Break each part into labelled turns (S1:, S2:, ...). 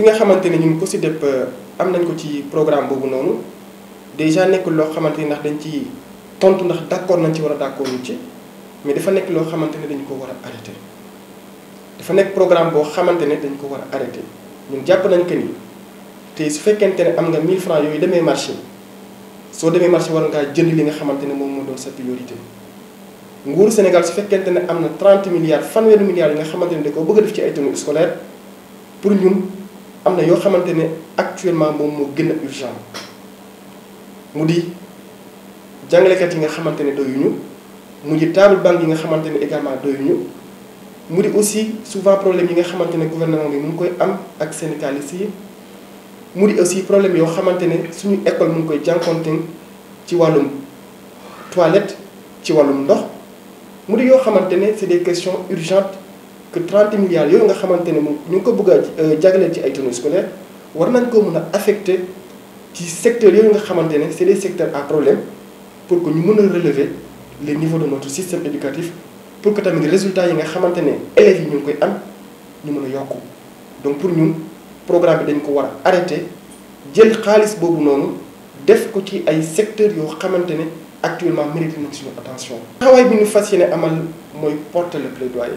S1: bi nga xamante ne euh, am nañ ko ci programme déjà dañ ci tontu d'accord nañ d'accord mais dafa arrêter dafa programme arrêter ñun nañ que ni su am nga 1000 francs marché soo demee marché war jënd li nga moom sa priorité Sénégal su 30 milliards fanweeri milliards nga xamante bëgg def scolaires pour am na yoo xamante actuellement moom mo gëna urgent mu di kat yi nga xamantene ne doyuñu mu di table bank yi nga xamantene également doyuñu mu di aussi souvent problème yi nga xamantene gouvernement bi mu ngi koy am ak syndicalistes yi mu di aussi problème yo xamantene suñu école mu ngi koy jankonté ci walum toilette ci walum ndox mu di yoo c'est des questions urgentes que 30 milliards yooyu nga xamantene ne ñu ko bëgg a euh, ci ay tonneaux scolaires war nañ ko mëna affecter ci secteur yooyu nga xamantene c'est les secteurs à problème pour que ñu mëna relever le niveau de notre système éducatif pour que tamit résultats yi nga xamantene élèves yi ñu koy am ñu mëna yokku donc pour ñun programme bi dañ ko war arrêter arrêté jël xaalis bobu nonu def ko ci ay secteur yo xamantene actuellement mérite na suñu attention. taxawaay bi ñu fas yéene amal mooy porter le plaidoyer.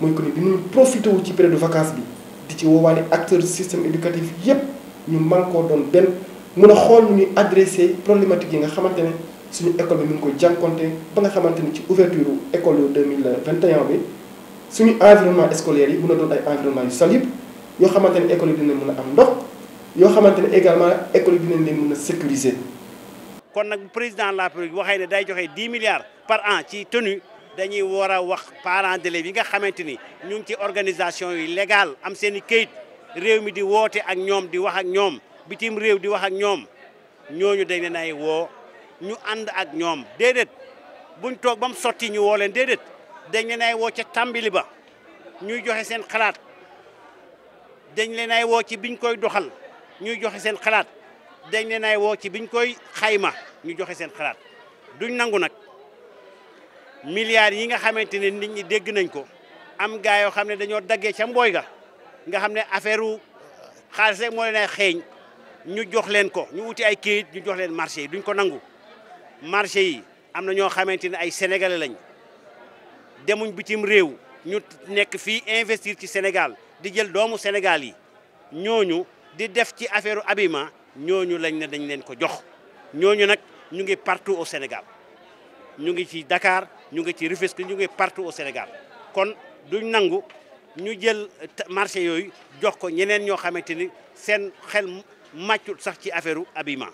S1: moy ko ni dinañ profité wu ci période de vacances, bi di ci woowaale acteurs système éducatif yépp ñu man koo doon ben mun a xool nu ñuy adressé problématique yi nga xamante ne suñu école bi mu ngi koy jànkonte ba nga xamante ci ouverture école yu 2021 bi suñu environnement scolaire yi mun a doon ay environnement yu salubre yoo xamante ne école yi dinañ mun a am ndox yoo xamante ne également école yi dinañ leen mun a sécuriser kon nag président de la République waxee ne day
S2: joxe 10 milliards par an ci tenue dañuy war a wax parent d'élèves yi nga xamante ni ñu ngi ci organisation yi légal am seen i këyit réew mi di woote ak ñoom di wax ak ñoom bitim réew di wax ak ñoom ñooñu dañ leen ay woo ñu ànd ak ñoom déedéet buñ toog ba mu sotti ñu woo leen déedéet dañ ay woo ca tàmbali ba ñuy joxe seen xalaat dañ leen ay woo ci biñ koy doxal ñuy joxe seen xalaat dañ leen ay woo ci biñ koy xayma ñu joxe seen xalaat duñ nangu nag. milliards yi nga xamanteni nit ñi dégg nañ ko am nous yoo ne dañoo ga nga xam ne affaire xaalis rek moo ñu jox leen ko ñu ay ñu marché yi duñ marché yi am na ñoo ay sénégalais lañ demuñ bitim réew investir ci Sénégal di jël doomu Sénégal yi ñooñu di def ci affaire abima ñooñu lañ ne dañ leen ko jox partout au Sénégal ñu ngi ci Dakar ñu ngi ci Rufisque ñu ngi partout au Sénégal kon duñ nangu ñu jël marché yooyu jox ko ñeneen ñoo xamante ni seen xel màccut sax ci affaire habillement